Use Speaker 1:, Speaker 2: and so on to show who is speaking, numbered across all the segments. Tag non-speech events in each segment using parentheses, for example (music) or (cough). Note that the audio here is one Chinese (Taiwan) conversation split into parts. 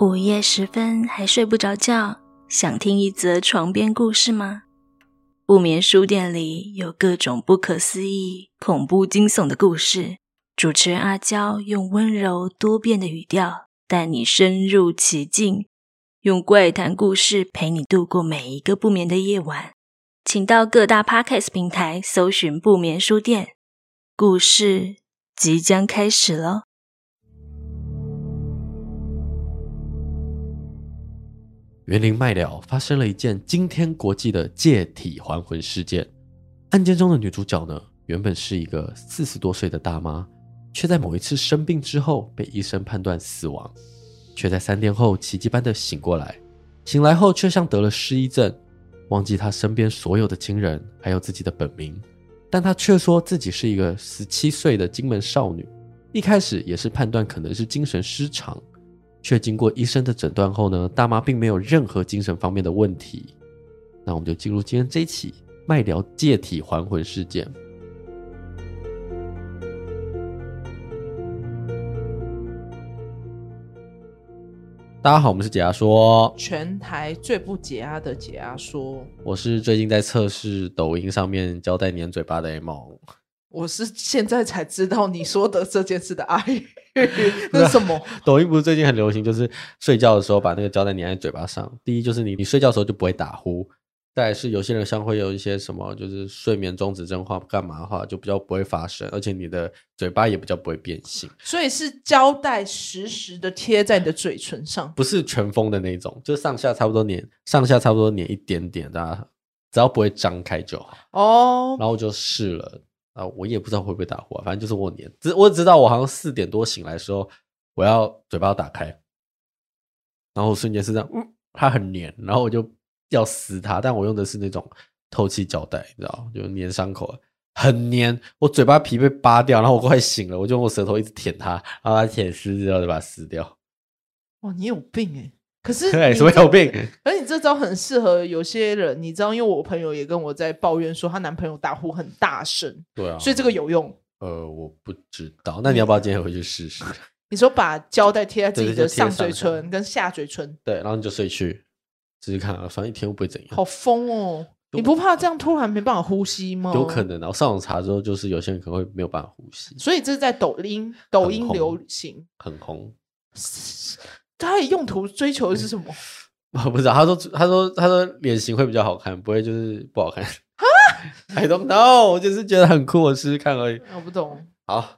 Speaker 1: 午夜時分還睡不着覺，想聽一則床邊故事嗎？不眠書店裡有各種不可思議、恐怖驚悚的故事。主持人阿嬌用溫柔多變的語調帶你深入其境，用怪談故事陪你度過每一個不眠的夜晚。請到各大 Podcast 平台搜尋“不眠書店”，故事即將開始囉。
Speaker 2: 雲林麥寮，發生了一件驚天國際的借體還魂事件。案件中的女主角呢，原本是一個四十多歲的大媽，卻在某一次生病之後被醫生判斷死亡，卻在三天後奇蹟般的醒過來。醒來後卻像得了失憶症，忘記她身邊所有的親人，還有自己的本名。但她卻說自己是一個十七歲的金門少女。一開始也是判斷可能是精神失常。卻經過醫生的診斷後呢，大媽並沒有任何精神方面的問題。那我們就進入今天這一期麥寮借體還魂事件。大家好，我們是解壓說，
Speaker 1: 全台最不解壓的解壓說。
Speaker 2: 我是最近在測試抖音上面膠帶黏嘴巴的 M。
Speaker 1: 我是現在才知道你說的這件事的阿姨。 (laughs) (laughs) 那什麼？
Speaker 2: (laughs) 抖音不是最近很流行，就是睡覺的時候把那個膠帶粘在嘴巴上。第一，就是你你睡覺的時候就不會打呼。但是有些人像會有一些什麼，就是睡眠中止症話幹嘛的話，就比較不會發生，而且你的嘴巴也比較不會變形。
Speaker 1: 所以是膠帶實時的貼在你的嘴唇上，
Speaker 2: (laughs) 不是全封的那種，就上下差不多粘，上下差不多粘一點點，大家只要不會張開就好。
Speaker 1: 哦，然
Speaker 2: 後我就試了。啊，我也不知道會不會打呼啊，反正就是我黏，只我只知道我好像四點多醒來的時候，我要嘴巴要打開，然後我瞬間是這樣，嗯，它很黏，然後我就要撕它，但我用的是那種透氣膠帶，你知道，就黏傷口，很黏，我嘴巴皮被扒掉，然後我快醒了，我就用我舌頭一直舔它，然後它舔濕，之後就把它撕掉。
Speaker 1: 哇，你有病誒。可是什麼有病？而且你這招很適合有些人，你知道，因為我朋友也跟我在抱怨說，她男朋友打呼很大聲，對啊，所以這個有用。
Speaker 2: 呃，我不知道，那你要不要今天回去試試？
Speaker 1: (laughs) 你說把膠帶貼在自己的上嘴唇跟下嘴唇，對，
Speaker 2: 對然後你就睡去，自己看，反正一天又不會怎樣。
Speaker 1: 好瘋哦！你不怕這樣突然沒辦法呼吸嗎？有可
Speaker 2: 能我、啊、上網查之後，就是有些人可能會沒有辦法呼
Speaker 1: 吸，所以這是在抖音，抖音流行很紅。很紅 (laughs) 他用途追求的是什麼、嗯？
Speaker 2: 我不知道。他說：“他說他說臉型會比較好看，不會就是不好看。”哈 (laughs) ？I don't know，我只是覺得很酷，我試試看而已、嗯。我不懂。好，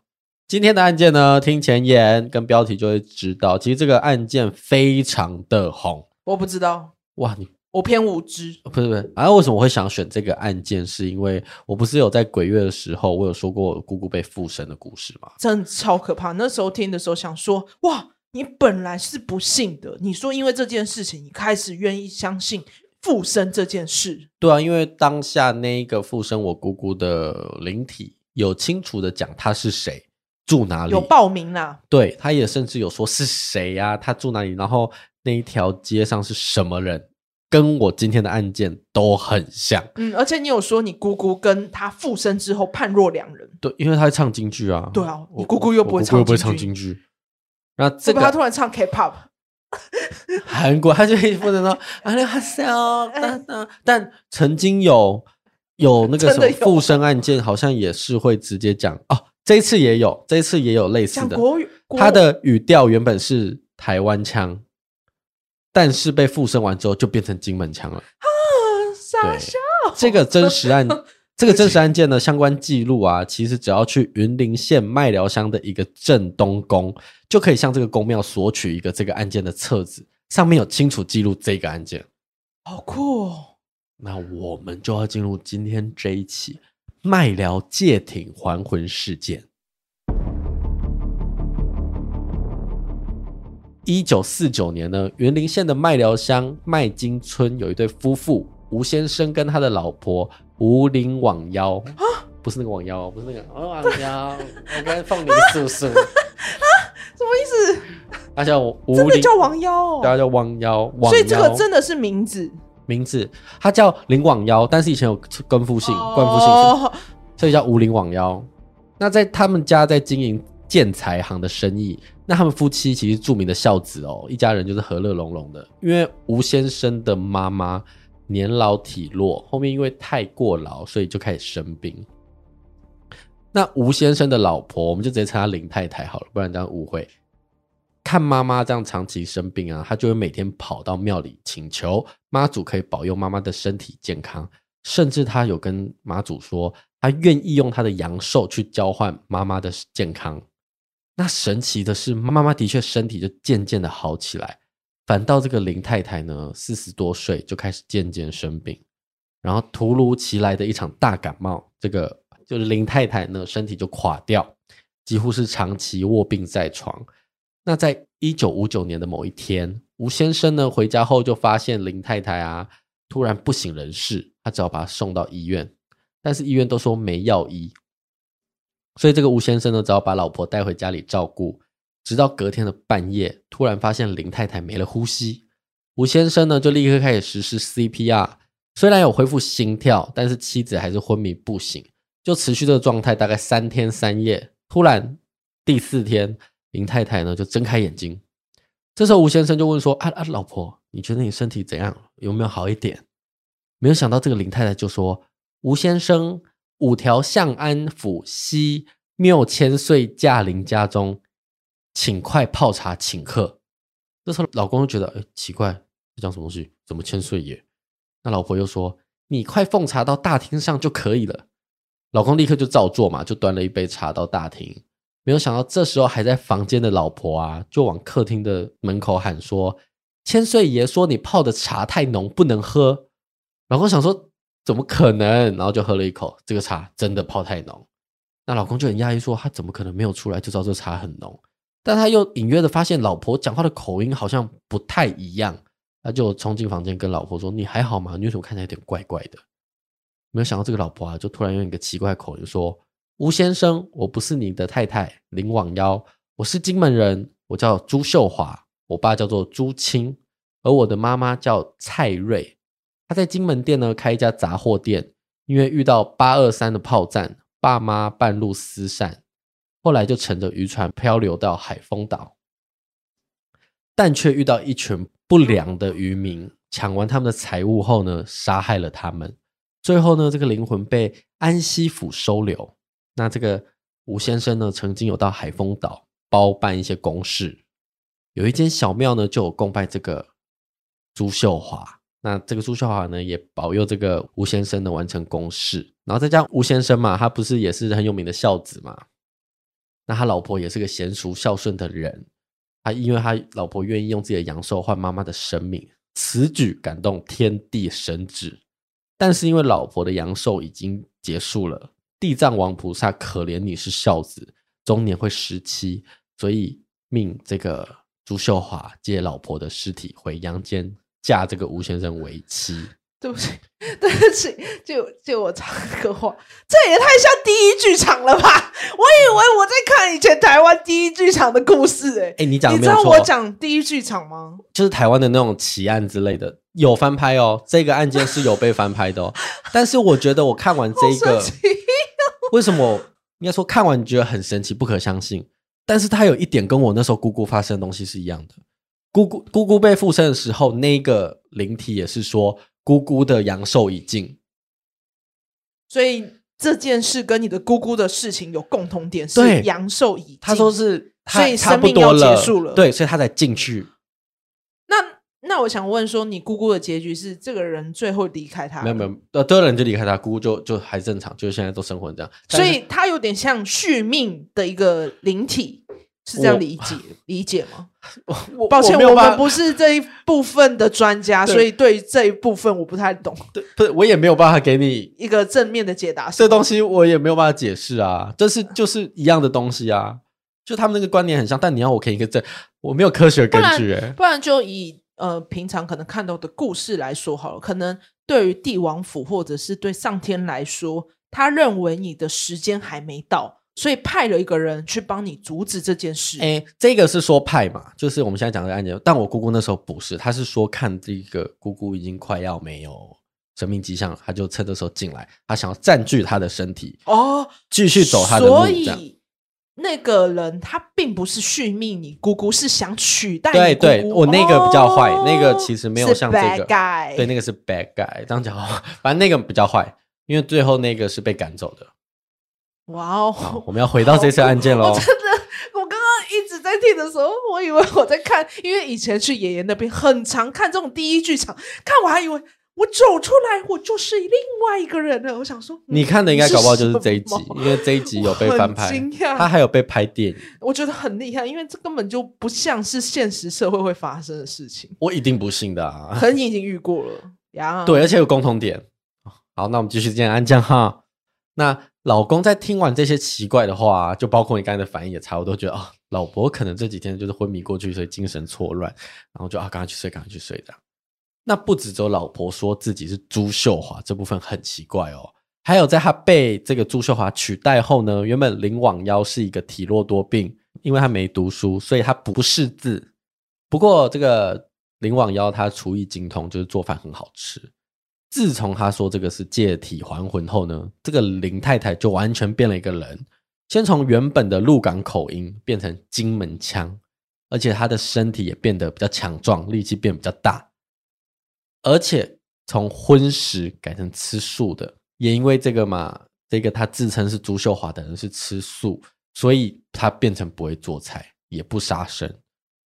Speaker 2: 今天的案件呢？聽前言跟標題就會知道，其實這個案件非常的紅。
Speaker 1: 我不知道。哇，你我偏無知。
Speaker 2: 不是不是，啊，為什麼我會想選這個案件？是因為我不是有在鬼月的時候，我有說過姑姑被附身的故事嗎？
Speaker 1: 真的超可怕。那時候聽的時候想說，哇。你本來是不信的，你說因為這件事情，你開始願意相信附身這件事。
Speaker 2: 對啊，因為當下那一個附身，我姑姑的靈體有清楚的講他是誰，住哪裡。有
Speaker 1: 報名啦、啊。
Speaker 2: 對，他也甚至有說是誰呀、啊，他住哪裡，然後那一條街上是什麼人，跟我今天的案件都很像。
Speaker 1: 嗯，而且你有說你姑姑跟他附身之後判若兩人。
Speaker 2: 對，因為他在唱京劇啊。對啊，你姑姑又不會唱京劇。我我，我姑姑又不會唱京劇。然後、這個、會不會他突
Speaker 1: 然唱 K-pop，
Speaker 2: 韓國，他就一直不能
Speaker 1: 說啊哈嘍。但
Speaker 2: 曾經有有那個什麼附身案件，好像也是會直接講哦，這一次也有，這一次也有類似的。他的語調原本是台灣腔，但是被附身完之後就變成金門腔了。
Speaker 1: 傻笑，
Speaker 2: 這個真實案。 (laughs) 這個真實案件的相關記錄啊，其實只要去雲林縣麥寮鄉的一個正東宮，就可以向這個宮廟索取一個這個案件的冊子，上面有清楚記錄這個案件。
Speaker 1: 好酷哦！
Speaker 2: 那我們就要進入今天這一期麥寮借屍還魂事件。一九四九年呢，雲林縣的麥寮鄉麥金村有一對夫婦，吳先生跟他的老婆。吳林罔腰啊，不是那個罔腰，不是那個，哦，罔腰， (laughs) 我剛才放你的不是？
Speaker 1: 啊， (laughs) 什麼意思？
Speaker 2: 他叫我真的叫罔腰。哦對，他叫罔腰，所以這個真
Speaker 1: 的是名字，
Speaker 2: 名字，他叫林罔腰，但是以前有跟夫姓，冠夫姓。哦，所以叫吳林罔腰。那在他們家在經營建材行的生意，那他們夫妻其實著名的孝子哦，一家人就是和樂融融的，因為吳先生的媽媽年老體弱，後面因為太過勞，所以就開始生病。那吳先生的老婆，我們就直接稱他林太太好了，不然這樣誤會。看媽媽這樣長期生病啊，她就會每天跑到廟裡請求媽祖可以保佑媽媽的身體健康，甚至她有跟媽祖說，她願意用她的陽壽去交換媽媽的健康。那神奇的是，媽媽的確身體就漸漸的好起來。反倒這個林太太呢，四十多歲就開始漸漸生病，然後突如其來的一場大感冒，這個就是，林太太呢身體就垮掉，幾乎是長期臥病在床。那在一九五九年的某一天，吳先生呢回家後就發現林太太啊突然不省人事，他只好把她送到醫院，但是醫院都說沒藥醫，所以這個吳先生呢只好把老婆帶回家裡照顧。直到隔天的半夜，突然發現林太太沒了呼吸，吳先生呢就立刻開始實施 CPR，雖然有恢復心跳，但是妻子還是昏迷不醒，就持續這個狀態大概三天三夜。突然第四天，林太太呢就睜開眼睛，這時候吳先生就問說：“啊啊，老婆，你覺得你身體怎樣？有沒有好一點？”沒有想到這個林太太就說：“吳先生，五條港安西府莫千歲駕臨家中。”請快泡茶，請客。這時候老公就覺得誒奇怪，這講什麼東西？怎麼千歲爺？那老婆又說：“你快奉茶到大廳上就可以了。”老公立刻就照做嘛，就端了一杯茶到大廳。沒有想到這時候還在房間的老婆啊，就往客廳的門口喊說：“千歲爺說你泡的茶太濃，不能喝。”老公想說怎麼可能？然後就喝了一口，這個茶真的泡太濃。那老公就很訝異，說：“他怎麼可能沒有出來就知道這茶很濃？”但他又隱約的發現老婆講話的口音好像不太一樣，他就衝進房間跟老婆說：“你還好嗎？你為什麼看起來有點怪怪的？”沒有想到這個老婆啊，就突然用一個奇怪的口音說：“吳先生，我不是你的太太林罔腰，我是金門人，我叫朱秀華，我爸叫做朱清，而我的媽媽叫蔡瑞，她在金門店呢開一家雜貨店，因為遇到八二三的炮戰，爸媽半路失散。”後來就乘着漁船漂流到海豐島，但卻遇到一群不良的漁民，搶完他們的財物後呢，殺害了他們。最後呢，這個靈魂被安西府收留。那這個吳先生呢，曾經有到海豐島包辦一些公事，有一間小廟呢，就有供拜這個朱秀華。那這個朱秀華呢，也保佑這個吳先生能完成公事。然後再加上吳先生嘛，他不是也是很有名的孝子嘛。那他老婆也是個賢淑孝順的人。他因為他老婆願意用自己的陽壽換媽媽的生命，此舉感動天地神祇。但是因為老婆的陽壽已經結束了，地藏王菩薩可憐你是孝子，終年會十七，所以命這個朱秀華借老婆的屍體回陽間，嫁這個吳先生為妻。
Speaker 1: 對不起，對不起，就就我插個話，這也太像第一劇場了吧？我以為我在看以前台灣第一劇場的故事、欸、誒。你講沒有，你知道我講第一劇場嗎？就
Speaker 2: 是台灣的那種奇案之類的，有翻拍哦。這個案件是有被翻拍的哦。 (laughs) 但是我覺得我看完這一個奇，為什麼應該說看完你覺得很神奇、不可相信？但是它有一點跟我那時候姑姑發生的東西是一樣的。姑姑姑姑被附身的時候，那一個靈體也是說。姑姑的陽
Speaker 1: 壽已盡，所以這件事跟你的姑姑的事情有共同點，是陽壽已盡。他說是他，所以生命要結束了。了，對，
Speaker 2: 所以他才進去。
Speaker 1: 那那我想問說，你姑姑的結局是這個人最後離開他？沒有沒
Speaker 2: 有，呃，都有人就離開他，姑姑就就還正常，就是現在都生活這樣。所以
Speaker 1: 他有點像續命的一個靈體。是這樣理解我理解嗎？我我抱歉我，我們不是這一部分的專家，所以對於這一部分我不太懂對。
Speaker 2: 不是，我也沒有辦法給你
Speaker 1: 一個正面的解答。這個
Speaker 2: 東西我也沒有辦法解釋啊，這是就是一樣的東西啊，就他們那個觀念很像。但你要我給一個證，我沒有科學根據欸。不然，不
Speaker 1: 然就以呃平常可能看到的故事來說好了。可能對於帝王府或者是對上天來說，他認為你的時間還沒到。所以派了一個人去幫你阻止這件事。哎、欸，
Speaker 2: 這個是說派嘛，就是我們現在講的案件。但我姑姑那時候不是，他是說看這個姑姑已經快要沒有生命跡象了，他就趁這時候進來，他想要佔據她的身體
Speaker 1: 哦，繼續走他的路。所以這那個人他並不是續命，你姑姑是想取代你姑姑。對，對我那個比較壞，
Speaker 2: 哦，那個其實沒有像這個，bad guy 對，那個是 bad guy。這樣，哦、講，反正那個比較壞，因為最後那個是被趕走的。
Speaker 1: 哇、wow, 哦！我
Speaker 2: 們要回到這次案件了。我真的，
Speaker 1: 我剛剛一直在聽的時候，我以為我在看，因為以前去爺爺那邊很常看這種第一劇場，看我還以為我走出來，我就是另外一個人了。我想說，嗯、你看的應該搞不好就是這一集，因為
Speaker 2: 這一集有被翻拍，他還有被拍電
Speaker 1: 影，我覺得很厲害，因為這根本就不像是現實社會會發生的事情。
Speaker 2: 我一定不信的。啊，可能你已
Speaker 1: 經遇過了呀。Yeah. 對，而
Speaker 2: 且有共同點。好，那我們繼續這些案件哈。那老公在聽完這些奇怪的話，就包括你剛才的反應也差不多覺得啊、哦，老婆可能這幾天就是昏迷過去，所以精神錯亂，然後就啊，趕快去睡，趕快去睡這樣。那不止只有老婆說自己是朱秀華這部分很奇怪哦，還有在他被這個朱秀華取代後呢，原本林罔腰是一個體弱多病，因為她沒讀書，所以她不識字。不過這個林罔腰她廚藝精通，就是做飯很好吃。自從他說這個是借體還魂後呢，這個林太太就完全變了一個人。先從原本的鹿港口音變成金門腔，而且她的身體也變得比較強壯，力氣變得比較大。而且從葷食改成吃素的，也因為這個嘛，這個他自稱是朱秀華的人是吃素，所以他變成不會做菜，也不殺生。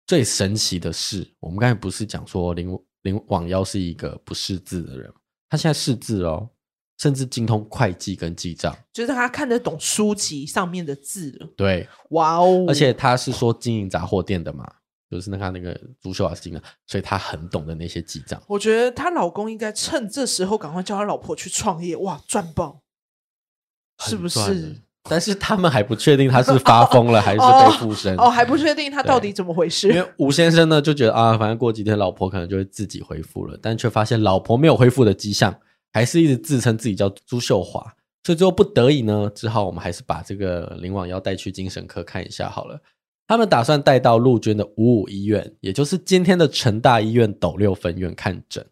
Speaker 2: 最神奇的是，我們剛才不是講說林林罔腰是一個不識字的人。他現在識字哦，甚至精通會計跟記賬，
Speaker 1: 就是他看得懂書籍上面的字了，對，哇哦！而且
Speaker 2: 他是說經營雜貨店的嘛，就是那他那個朱秀老師講，所以他很懂得那些記賬。
Speaker 1: 我覺得他老公應該趁這時候趕快叫他老婆去創業，哇，賺爆，是不是？
Speaker 2: 但是他們還不確定他是發瘋了還是被附身哦，哦哦
Speaker 1: 還不確定他到底怎麼回事。因
Speaker 2: 為吳先生呢就覺得啊，反正過幾天老婆可能就會自己恢復了，但卻發現老婆沒有恢復的跡象，還是一直自稱自己叫朱秀華，所以最後不得已呢，只好我們還是把這個林罔腰帶去精神科看一下好了。他們打算帶到陸軍的五五醫院，也就是今天的成大醫院斗六分院看診，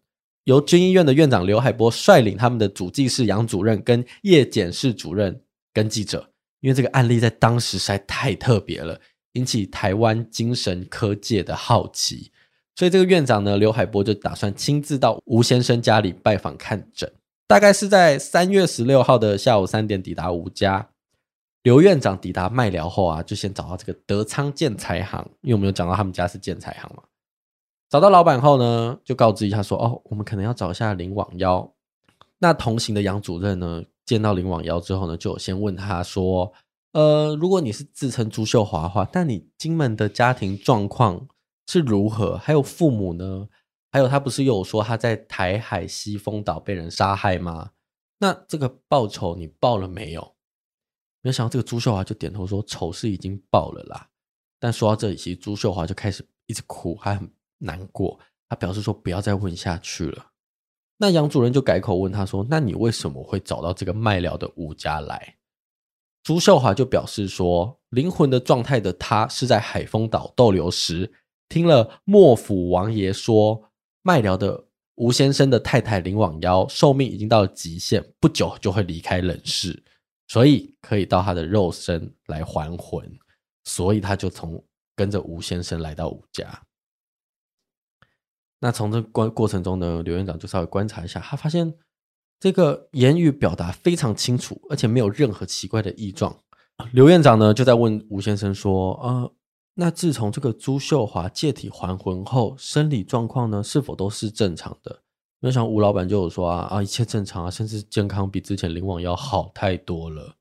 Speaker 2: 由軍醫院的院長劉海波率領他們的主技師楊主任跟葉檢室主任。跟記者，因為這個案例在當時實在太特別了，引起台灣精神科界的好奇，所以這個院長呢，劉海波就打算親自到吳先生家裡拜訪看診。大概是在三月十六號的下午三點抵達吳家。劉院長抵達麥寮後啊，就先找到這個德昌建材行，因為我們有講到他們家是建材行嘛。找到老闆後呢，就告知一下說，哦，我們可能要找一下林罔腰。那同行的楊主任呢？見到林婉瑤之後呢，就有先問他說：“呃，如果你是自稱朱秀華的話，但你金門的家庭狀況是如何？還有父母呢？還有他不是又有說他在台海西風島被人殺害嗎？那這個報仇你報了沒有？”沒有想到這個朱秀華就點頭說：“仇是已經報了啦。”但說到這裡，其實朱秀華就開始一直哭，還很難過。他表示說：“不要再問下去了。”那楊主任就改口問他說：“那你為什麼會找到這個麥寮的吳家來？”朱秀華就表示說：“靈魂的狀態的他是在海豐島逗留時，聽了莫府王爺說，麥寮的吳先生的太太林罔腰壽命已經到了極限，不久就會離開人世，所以可以到他的肉身來還魂，所以他就從跟着吳先生來到吳家。”那從這過過程中呢，劉院長就稍微觀察一下，他發現這個言語表達非常清楚，而且沒有任何奇怪的異狀。劉院長呢就在問吳先生說：“呃，那自從這個朱秀華借體還魂後，生理狀況呢是否都是正常的？”那像吳老闆就有說啊：“啊啊，一切正常啊，甚至健康比之前林罔腰好太多了。”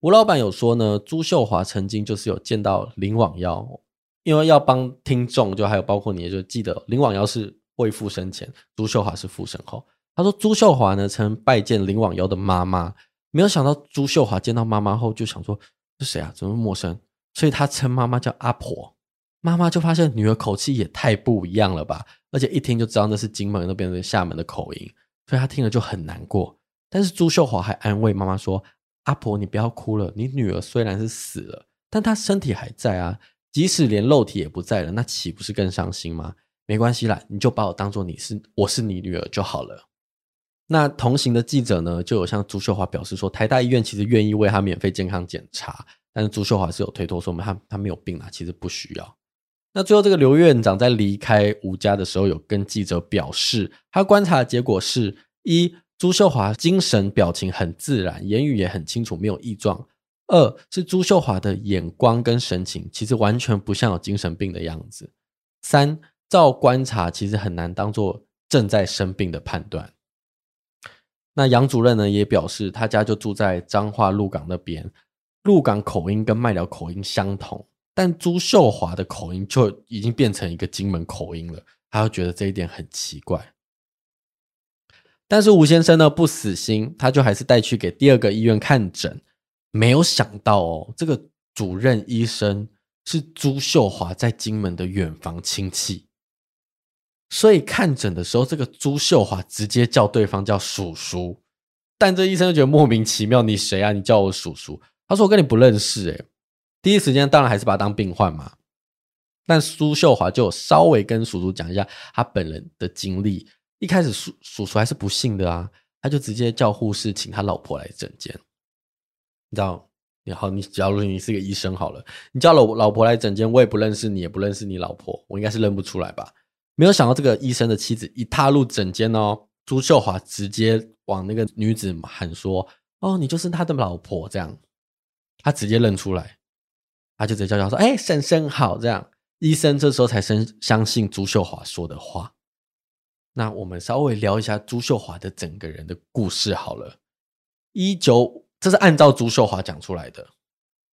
Speaker 2: 吳老闆有說呢，朱秀華曾經就是有見到林罔腰。因為要幫聽眾，就還有包括你，就記得林罔腰是未附身前，朱秀華是附身後。他說：“朱秀華呢，曾拜見林罔腰的媽媽，沒有想到朱秀華見到媽媽後，就想說：‘這誰啊？怎麼那麼陌生？’所以她稱媽媽叫阿婆。媽媽就發現女兒口氣也太不一樣了吧，而且一聽就知道那是金門那邊的廈門的口音，所以她聽了就很難過。但是朱秀華還安慰媽媽說：‘阿婆，你不要哭了。你女兒雖然是死了，但她身體還在啊。’即使連肉體也不在了，那豈不是更傷心嗎？沒關係啦，你就把我當做你是我是你女兒就好了。那同行的記者呢，就有向朱秀華表示說，台大醫院其實願意為她免費健康檢查，但是朱秀華是有推脫說嘛，她她沒有病啊，其實不需要。那最後這個劉院長在離開吳家的時候，有跟記者表示，他觀察的結果是一，朱秀華精神表情很自然，言語也很清楚，沒有異狀。二是朱秀華的眼光跟神情，其實完全不像有精神病的樣子。三，照觀察，其實很難當做正在生病的判斷。那楊主任呢，也表示他家就住在彰化鹿港那邊，鹿港口音跟麥寮口音相同，但朱秀華的口音就已經變成一個金門口音了，他又覺得這一點很奇怪。但是吳先生呢，不死心，他就還是帶去給第二個醫院看診。沒有想到哦，這個主任醫生是朱秀華在金門的遠房親戚，所以看診的時候，這個朱秀華直接叫對方叫叔叔，但這醫生就覺得莫名其妙，你誰啊？你叫我叔叔？他說我跟你不認識誒、欸。第一時間當然還是把他當病患嘛。但朱秀華就稍微跟叔叔講一下他本人的經歷，一開始叔叔叔還是不信的啊，他就直接叫護士請他老婆來診間。你知道，你好，你假如你是個醫生好了，你叫老老婆來診間，我也不認識你，也不認識你老婆，我應該是認不出來吧？沒有想到這個醫生的妻子一踏入診間哦，朱秀華直接往那個女子喊說：“哦，你就是他的老婆。”這樣，他直接認出來，他就直接叫叫他說：“哎、欸，嬸嬸好。”這樣，醫生這時候才相相信朱秀華說的話。那我們稍微聊一下朱秀華的整個人的故事好了。一九這是按照朱秀華講出來的。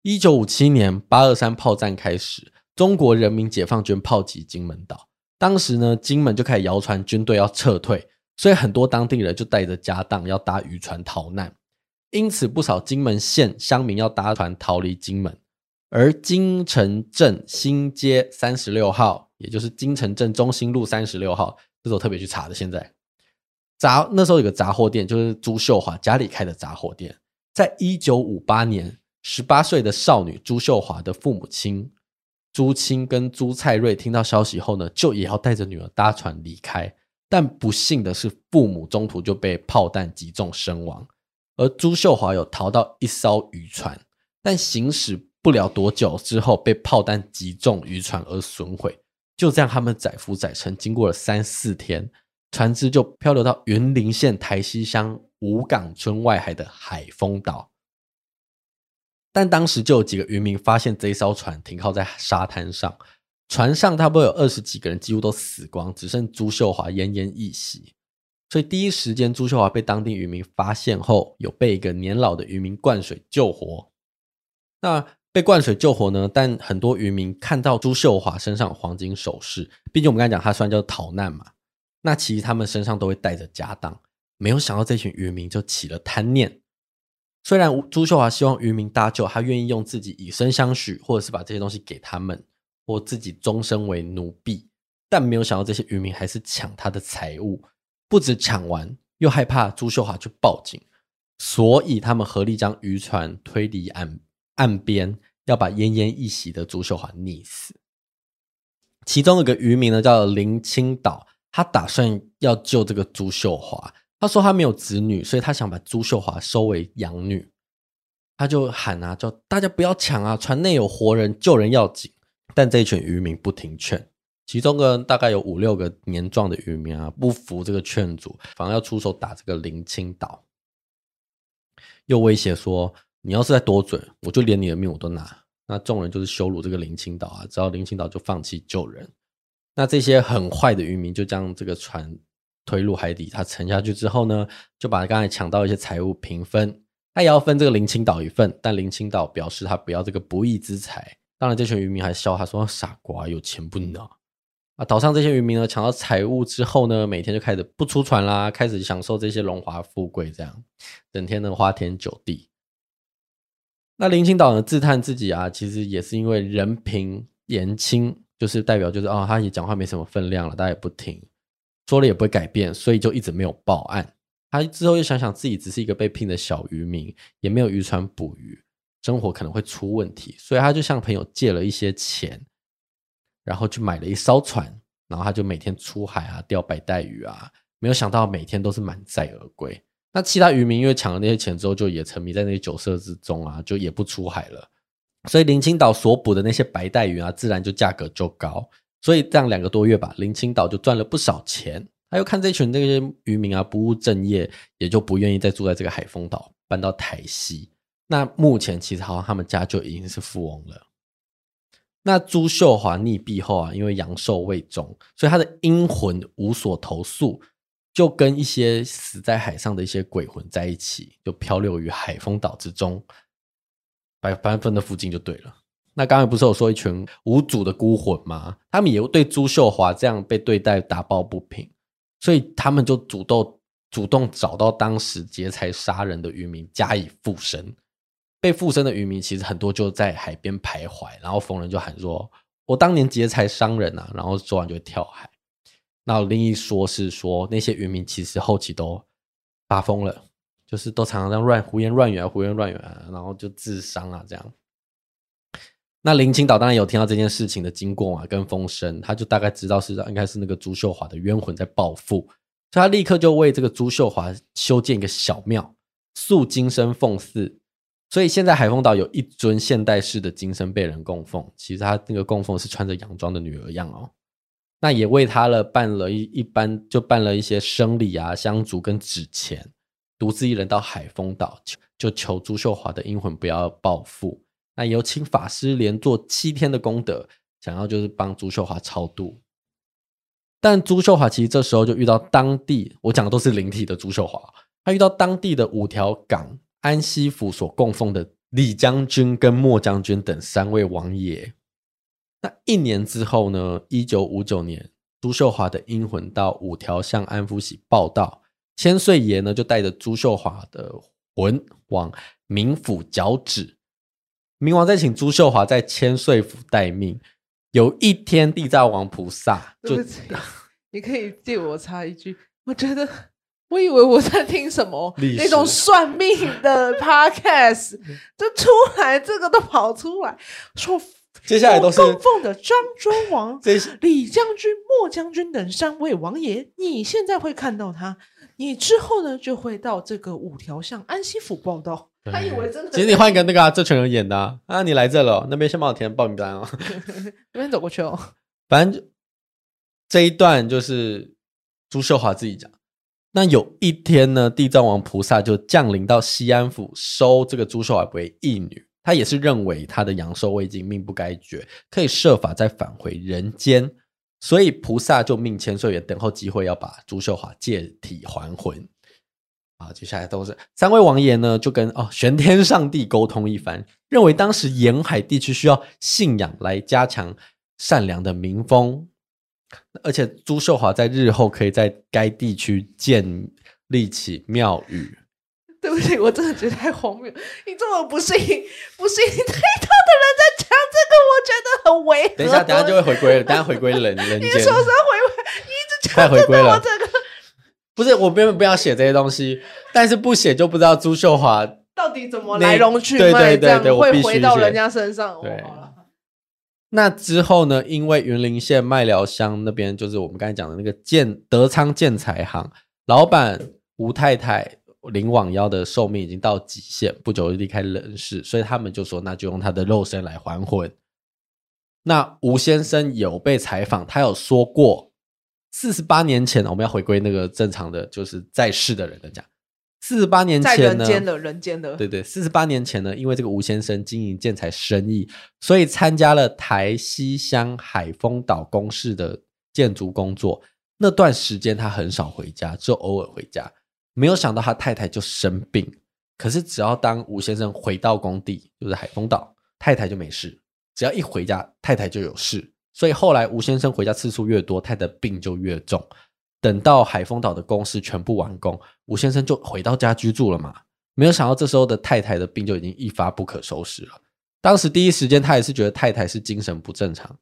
Speaker 2: 一九五七年八二三炮戰開始，中國人民解放軍炮擊金門島。當時呢，金門就開始謠傳軍隊要撤退，所以很多當地人就帶着家當要搭漁船逃難。因此，不少金門縣鄉民要搭船逃離金門。而金城鎮新街三十六號，也就是金城鎮中心路三十六號，這是我特別去查的。現在雜那時候有個雜貨店，就是朱秀華家裡開的雜貨店。在一九五八年，十八歲的少女朱秀華的父母親朱清跟朱蔡瑞聽到消息後呢，就也要帶着女兒搭船離開。但不幸的是，父母中途就被炮彈擊中身亡。而朱秀華有逃到一艘漁船，但行駛不了多久之後，被炮彈擊中漁船而損毀。就這樣，他們載浮載沉，經過了三四天，船隻就漂流到雲林縣台西鄉。五港村外海的海豐島，但當時就有幾個漁民發現這一艘船停靠在沙灘上，船上差不多有二十幾個人，幾乎都死光，只剩朱秀華奄奄一息。所以第一時間，朱秀華被當地漁民發現後，有被一個年老的漁民灌水救活。那被灌水救活呢，但很多漁民看到朱秀華身上有黃金首飾，畢竟我們剛才講，他算叫逃難嘛，那其實他們身上都會帶着家當。沒有想到這群漁民就起了貪念。雖然朱秀華希望漁民搭救他，願意用自己以身相許，或者是把這些東西給他們，或自己終身為奴婢，但沒有想到這些漁民還是搶他的財物，不止搶完，又害怕朱秀華去報警，所以他們合力將漁船推離岸，岸邊，要把奄奄一息的朱秀華溺死。其中有個漁民呢叫林青島，他打算要救這個朱秀華。他說他沒有子女，所以他想把朱秀華收為養女。他就喊啊，叫大家不要搶啊，船內有活人，救人要緊。但這一群漁民不聽勸，其中個大概有五六個年壯的漁民啊，不服這個勸阻，反而要出手打這個林青島，又威脅說：“你要是再多嘴，我就連你的命我都拿。”那眾人就是羞辱這個林青島啊，只要林青島就放棄救人。那這些很壞的漁民就將這個船。推入海底，他沉下去之後呢，就把他剛才搶到一些財物平分。他也要分這個林清島一份，但林清島表示他不要這個不義之財。當然，這群漁民還笑他說：“傻瓜，有錢不拿啊！”島上這些漁民呢，搶到財物之後呢，每天就開始不出船啦，開始享受這些榮華富貴，這樣整天呢花天酒地。那林清島呢，自嘆自己啊，其實也是因為人貧言輕，就是代表就是哦，他也講話沒什麼分量了，大家也不聽。說了也不會改變，所以就一直沒有報案。他之後又想想自己只是一個被聘的小漁民，也沒有漁船捕魚，生活可能會出問題，所以他就向朋友借了一些錢，然後去買了一艘船，然後他就每天出海啊，釣白帶魚啊。沒有想到每天都是滿載而歸。那其他漁民因為搶了那些錢之後，就也沉迷在那些酒色之中啊，就也不出海了。所以林青島所捕的那些白帶魚啊，自然就價格就高。所以這樣兩個多月吧，林清島就賺了不少錢。他又看這群這些漁民啊，不務正業，也就不願意再住在這個海豐島，搬到台西。那目前其實好像他們家就已經是富翁了。那朱秀華溺斃後啊，因為陽壽未終，所以他的陰魂無所投宿，就跟一些死在海上的一些鬼魂在一起，就漂流於海豐島之中，百番分的附近就對了。那剛才不是有說一群無主的孤魂嗎？他們也會對朱秀華這樣被對待打抱不平，所以他們就主動主動找到當時劫財殺人的漁民加以附身。被附身的漁民其實很多就在海邊徘徊，然後逢人就喊說：“我當年劫財傷人啊！”然後說完就跳海。那另一說是說那些漁民其實後期都發瘋了，就是都常常這樣亂胡言亂語啊，胡言亂語啊，然後就自傷啊這樣。那林清島當然有聽到這件事情的經過啊，跟風聲，他就大概知道是應該是那個朱秀華的冤魂在報復，所以他立刻就為這個朱秀華修建一個小廟，塑金身奉祀。所以現在海豐島有一尊現代式的金身被人供奉，其實他那個供奉是穿着洋裝的女兒一樣哦。那也為他了辦了一一般就辦了一些牲禮啊、香燭跟紙錢，獨自一人到海豐島求就求朱秀華的陰魂不要報復。那有請法師連做七天的功德，想要就是幫朱秀華超度。但朱秀華其實這時候就遇到當地，我講的都是靈體的朱秀華，他遇到當地的五條港安西府所供奉的李將軍跟莫將軍等三位王爺。那一年之後呢，一九五九年，朱秀華的陰魂到五條港安西府報到，千歲爺呢就帶着朱秀華的魂往冥府腳趾。冥王再請朱秀華在千歲府待命。有一天，地藏王菩薩就，
Speaker 1: (laughs) 你可以借我插一句，我覺得我以為我在聽什麼那種算命的 podcast，就 (laughs) 出來 (laughs) 這個都跑出來說，接下來都是供奉的張忠王、 (laughs) 李將軍、莫將軍等三位王爺。你現在會看到他，你之後呢就會到這個五條巷安息府報到。他以為真的？其實你換一個那
Speaker 2: 個，啊，這群人演的啊，啊！你來這了，那邊先幫我填報名單哦。 (laughs)
Speaker 1: 那邊走過去哦。
Speaker 2: 反正這一段就是朱秀華自己講。那有一天呢，地藏王菩薩就降臨到西安府，收這個朱秀華為義女。他也是認為他的陽壽未盡，命不該絕，可以設法再返回人間。所以菩薩就命千歲爺等候機會，要把朱秀華借體還魂。好，接下來都是三位王爺呢，就跟哦玄天上帝溝通一番，認為當時沿海地區需要信仰來加強善良的民風，而且朱秀華在日後可以在該地區建立起廟宇，
Speaker 1: 對不起。我真的覺得太荒謬， (laughs) 你這麼不信，不信太多的人在講這個，我覺得很違和。等一下，等下
Speaker 2: 就會回歸了，等下回歸冷人，人 (laughs) 你說是要回歸，你一直講在回歸了。 (laughs) 不是我根本不要寫這些東西， (laughs) 但是不寫就不知道朱秀華
Speaker 1: 到底怎麼來龍去脈，這樣會回到人家身上。對、對、對、對、對，
Speaker 2: 那之後呢？因為雲林縣麥寮鄉那邊，就是我們剛才講的那個建德昌建材行老闆吳太太林網幺的壽命已經到極限，不久就離開人世，所以他們就說，那就用他的肉身來還魂。那吳先生有被採訪，他有說過。四十八年前，我們要回歸那個正常的就是在世的人來講。
Speaker 1: 四十八年前呢，在人間的人間的，對
Speaker 2: 對，四十八年前呢，因為這個吳先生經營建材生意，所以參加了台西鄉海豐島工事的建築工作。那段時間他很少回家，就偶爾回家。沒有想到他太太就生病，可是只要當吳先生回到工地，就是海豐島，太太就沒事；只要一回家，太太就有事。所以後來吳先生回家次數越多，太太的病就越重。等到海豐島的公司全部完工，吳先生就回到家居住了嘛。沒有想到這時候的太太的病就已經一發不可收拾了。當時第一時間他也是覺得太太是精神不正常，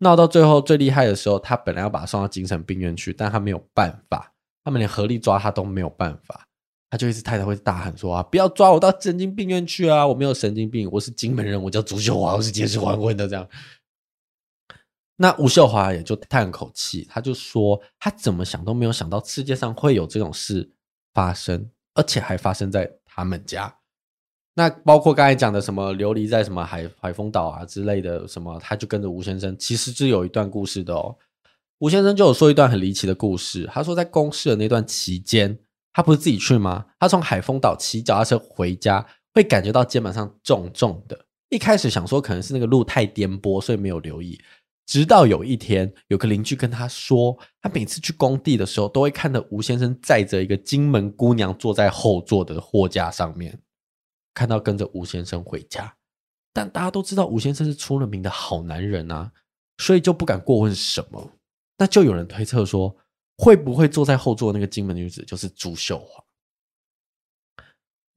Speaker 2: 鬧到最後最厲害的時候，他本來要把他送到精神病院去，但他沒有辦法，他們連合力抓他都沒有辦法。他就一直太太會大喊說啊，不要抓我到神經病院去啊，我沒有神經病，我是金門人，我叫朱秀華，我是借屍還魂的這樣。那吳秀華也就嘆口氣，他就說：“他怎麼想都沒有想到世界上會有這種事發生，而且還發生在他們家。那包括剛才講的什麼流離在什麼海海風島啊之類的，什麼他就跟着吳先生，其實是有一段故事的哦。吳先生就有說一段很離奇的故事，他說在公事的那段期間，他不是自己去嗎？他從海風島騎腳踏車回家，會感覺到肩膀上重重的。一開始想說可能是那個路太顛簸，所以沒有留意。”直到有一天，有個鄰居跟他說，他每次去工地的時候，都會看到吳先生載着一個金門姑娘坐在後座的貨架上面，看到跟着吳先生回家。但大家都知道吳先生是出了名的好男人啊，所以就不敢過問什麼。那就有人推測說，會不會坐在後座的那個金門女子就是朱秀華？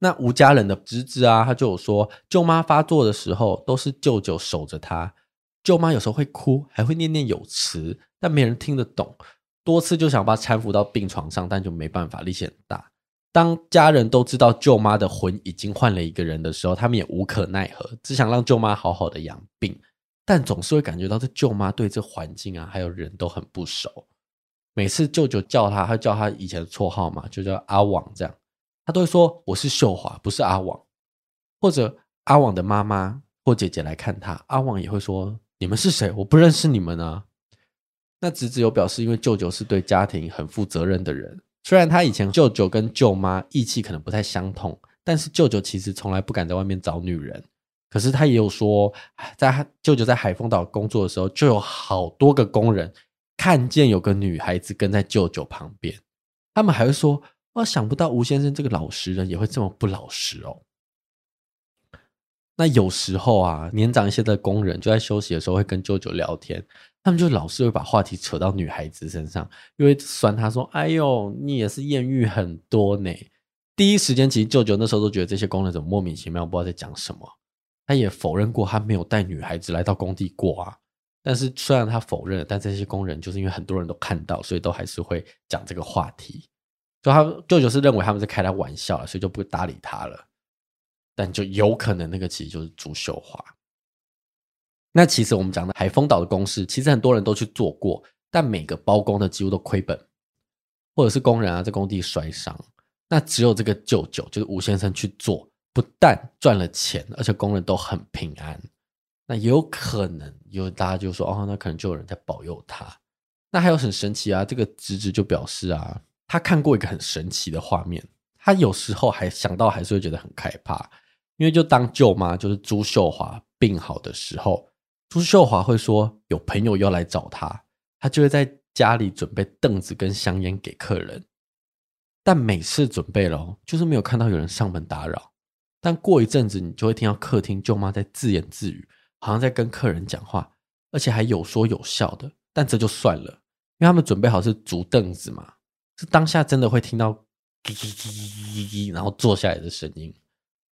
Speaker 2: 那吳家人的侄子啊，他就有說，舅媽發作的時候，都是舅舅守着他。舅媽有時候會哭，還會念念有詞，但沒人聽得懂。多次就想把她攙扶到病床上，但就沒辦法，力氣很大。當家人都知道舅媽的魂已經換了一個人的時候，他們也無可奈何，只想讓舅媽好好的養病。但總是會感覺到這舅媽對這環境啊，還有人都很不熟。每次舅舅叫她，她叫她以前的綽號嘛，就叫阿旺這樣，她都會說我是秀華，不是阿旺。或者阿旺的媽媽或姐姐來看她，阿旺也會說。你們是誰？我不認識你們啊。那侄子有表示，因為舅舅是對家庭很負責任的人，雖然他以前舅舅跟舅媽意氣可能不太相同，但是舅舅其實從來不敢在外面找女人。可是他也有說，在舅舅在海豐島工作的時候，就有好多個工人看見有個女孩子跟在舅舅旁邊，他們還會說：“我、哦、想不到吳先生這個老實人也會這麼不老實哦。”那有時候啊，年長一些的工人就在休息的時候會跟舅舅聊天，他們就老是會把話題扯到女孩子身上，因為酸他說：“哎呦，你也是豔遇很多呢。”第一時間，其實舅舅那時候都覺得這些工人怎麼莫名其妙，不知道在講什麼。他也否認過，他沒有帶女孩子來到工地過啊。但是雖然他否認了，但這些工人就是因為很多人都看到，所以都還是會講這個話題。就他舅舅是認為他們是開他玩笑，所以就不搭理他了。但就有可能那個其實就是朱秀華。那其實我們講的海豐島的公司，其實很多人都去做過，但每個包工的幾乎都虧本，或者是工人啊在、這個、工地摔傷。那只有這個舅舅，就是吳先生去做，不但賺了錢，而且工人都很平安。那也有可能有大家就說，哦，那可能就有人在保佑他。那還有很神奇啊，這個侄子就表示啊，他看過一個很神奇的畫面，他有時候還想到還是會覺得很害怕。因為就當舅媽，就是朱秀華病好的時候，朱秀華會說有朋友要來找他，他就會在家裡準備凳子跟香煙給客人。但每次準備咯，就是沒有看到有人上門打擾。但過一陣子，你就會聽到客廳舅媽在自言自語，好像在跟客人講話，而且還有說有笑的。但這就算了，因為他們準備好是竹凳子嘛，是當下真的會聽到“嘰嘰嘰嘰嘰嘰”然後坐下來的聲音。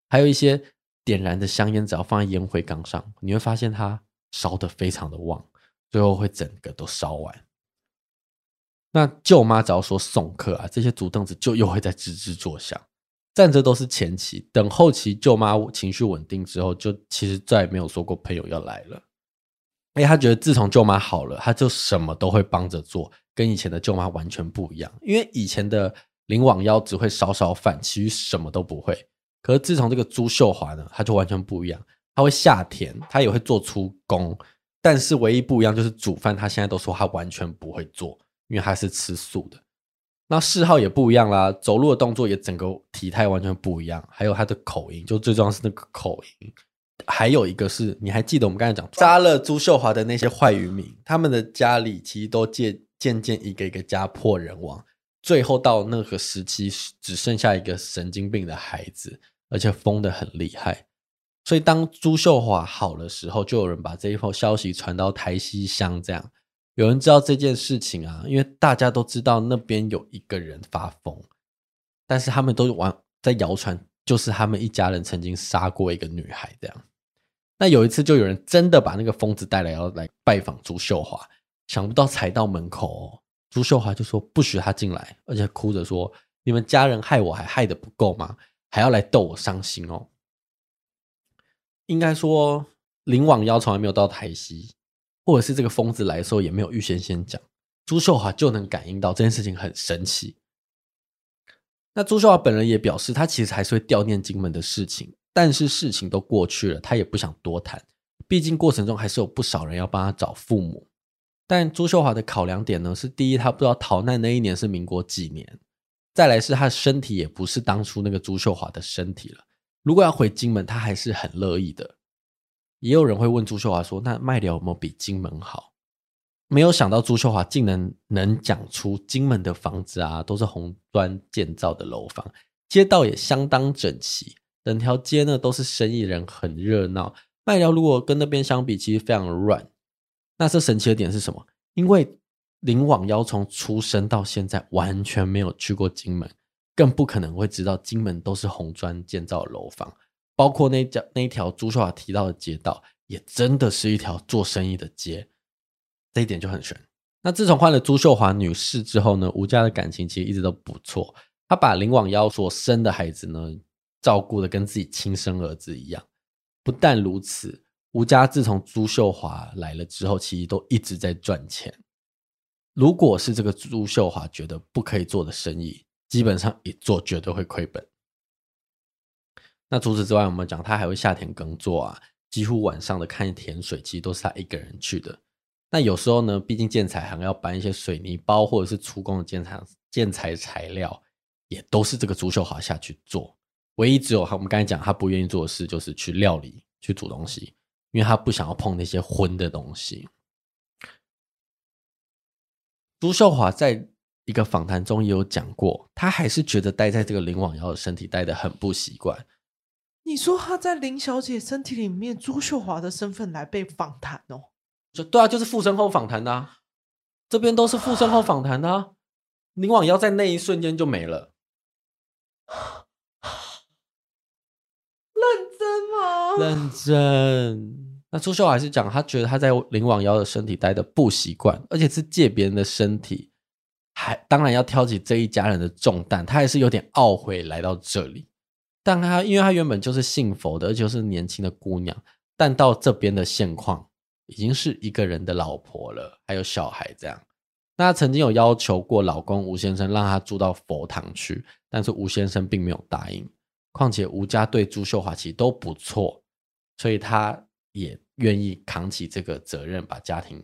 Speaker 2: 還有一些點燃的香煙，只要放在煙灰缸上，你會發現它燒得非常的旺，最後會整個都燒完。那舅媽只要說送客啊，這些竹凳子，就又會在吱吱作響。站着都是前期，等後期舅媽情緒穩定之後，就其實再也沒有說過朋友要來了。因為他覺得自從舅媽好了，他就什麼都會幫着做，跟以前的舅媽完全不一樣。因為以前的林罔腰只會燒燒飯，其餘什麼都不會。可是自從這個朱秀華呢，他就完全不一樣。他會下田，他也會做粗工，但是唯一不一樣就是煮飯，他現在都說他完全不會做，因為他是吃素的。那嗜好也不一樣啦，走路的動作也整個體態完全不一樣，還有他的口音，就最重要是那個口音。還有一個是，你還記得我們剛才講殺了朱秀華的那些壞漁民，他們的家裡其實都漸漸漸一個一個家破人亡，最後到那個時期，只剩下一個神經病的孩子。而且瘋得很厲害，所以當朱秀華好的時候，就有人把這一封消息傳到台西鄉，這樣有人知道這件事情啊，因為大家都知道那邊有一個人發瘋，但是他們都在在謠傳，就是他們一家人曾經殺過一個女孩，這樣。那有一次，就有人真的把那個瘋子帶來，要來拜訪朱秀華，想不到才到門口，哦，朱秀華就說不許他進來，而且哭着說：“你們家人害我還害得不夠嗎？”還要來逗我傷心哦！應該說，林罔腰從來沒有到台西，或者是這個瘋子來的時候也沒有預先先講。朱秀華就能感應到這件事情很神奇。那朱秀華本人也表示，他其實還是會掉念金門的事情，但是事情都過去了，他也不想多談。畢竟過程中還是有不少人要幫他找父母。但朱秀華的考量點呢，是第一，他不知道逃難那一年是民國幾年。再來是他的身體也不是當初那個朱秀華的身體了。如果要回金門，他還是很樂意的。也有人會問朱秀華說：“那麥寮有沒有比金門好？”沒有想到朱秀華竟能能講出金門的房子啊，都是紅磚建造的樓房，街道也相當整齊，整條街呢都是生意人，很熱鬧。麥寮如果跟那邊相比，其實非常的亂。那這神奇的點是什麼？因為林罔腰從出生到現在完全沒有去過金門，更不可能會知道金門都是紅磚建造的樓房，包括那一家、那一條朱秀華提到的街道，也真的是一條做生意的街，這一點就很玄。那自從換了朱秀華女士之後呢，吳家的感情其實一直都不錯。她把林罔腰所生的孩子呢，照顧得跟自己親生兒子一樣。不但如此，吳家自從朱秀華來了之後，其實都一直在賺錢。如果是這個朱秀華覺得不可以做的生意，基本上一做絕對會虧本。那除此之外，我們講他還會下田耕作啊，幾乎晚上的看田水，其實都是他一個人去的。那有時候呢，畢竟建材行要搬一些水泥包或者是出工的建材、建材材料，也都是這個朱秀華下去做。唯一只有他，我們剛才講他不願意做的事，就是去料理、去煮東西，因為他不想要碰那些葷的東西。朱秀華在一個訪談中也有講過，他還是覺得待在這個林罔腰的身體待得很不習慣。
Speaker 1: 你說他在林小姐身體裡面，朱秀華的身份來被訪談哦？就對啊，就是附身後訪談啊。這邊都是附身後
Speaker 2: 訪談啊。啊，林罔腰在那一瞬間就沒了，
Speaker 1: 認真嗎？認
Speaker 2: 真。那朱秀華是講，他覺得他在林罔腰的身體待的不習慣，而且是借別人的身體，還當然要挑起這一家人的重擔，他還是有點懊悔來到這裡。但他因為他原本就是信佛的，而且是年輕的姑娘，但到這邊的現況已經是一個人的老婆了，還有小孩這樣。那他曾經有要求過老公吳先生讓她住到佛堂去，但是吳先生並沒有答應。況且吳家對朱秀華其實都不錯，所以她也。願意扛起這個責任，把家庭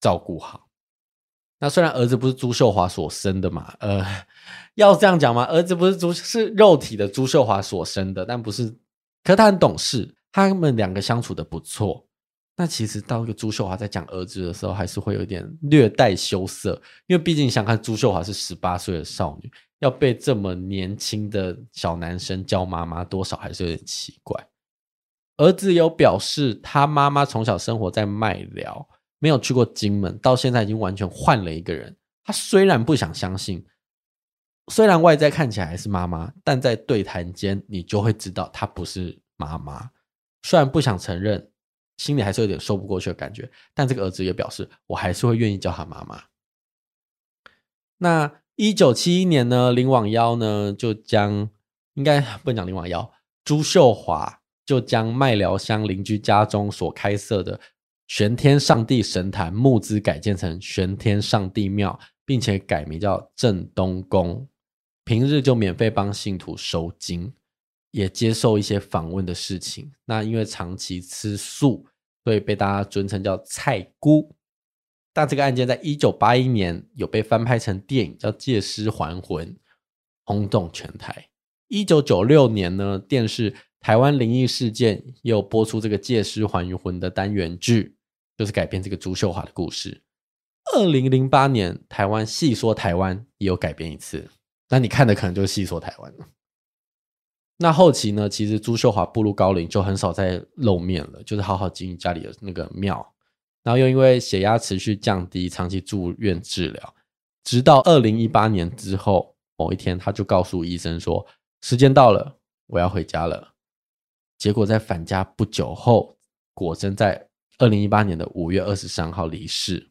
Speaker 2: 照顧好。那雖然兒子不是朱秀華所生的嘛，呃，要這樣講嗎？兒子不是朱，是肉體的朱秀華所生的，但不是。可是他很懂事，他們兩個相處的不錯。那其實當一個朱秀華在講兒子的時候，還是會有點略帶羞澀，因為畢竟你想看朱秀華是十八歲的少女，要被這麼年輕的小男生叫媽媽，多少還是有點奇怪。兒子有表示，他媽媽從小生活在麥寮，沒有去過金門，到現在已經完全換了一個人。他雖然不想相信，雖然外在看起來還是媽媽，但在對談間，你就會知道她不是媽媽。雖然不想承認，心裡還是有點說不過去的感覺。但這個兒子也表示，我還是會願意叫他媽媽。那一九七一年呢，林罔腰呢，就將，應該不能講林罔腰，朱秀華。就將麥寮鄉鄰居家中所開設的玄天上帝神壇募資改建成玄天上帝廟，並且改名叫鎮東宮，平日就免費幫信徒收驚，也接受一些訪問的事情。那因為長期吃素，所以被大家尊稱叫菜姑。但這個案件在一九八一年有被翻拍成電影，叫《借屍還魂》，轟動全台。一九九六年呢，電視。台灣靈異事件又播出這個《借屍還魂》的單元劇，就是改編這個朱秀華的故事。二零零八年，台灣《戲說台灣》也有改編一次，那你看的可能就是《戲說台灣》了。那後期呢，其實朱秀華步入高齡，就很少再露面了，就是好好經營家裡的那個廟。然後又因為血壓持續降低，長期住院治療，直到二零一八年之後某一天，他就告訴醫生說：“時間到了，我要回家了。”結果在返家不久後，果真在二零一八年的五月二十三號離世。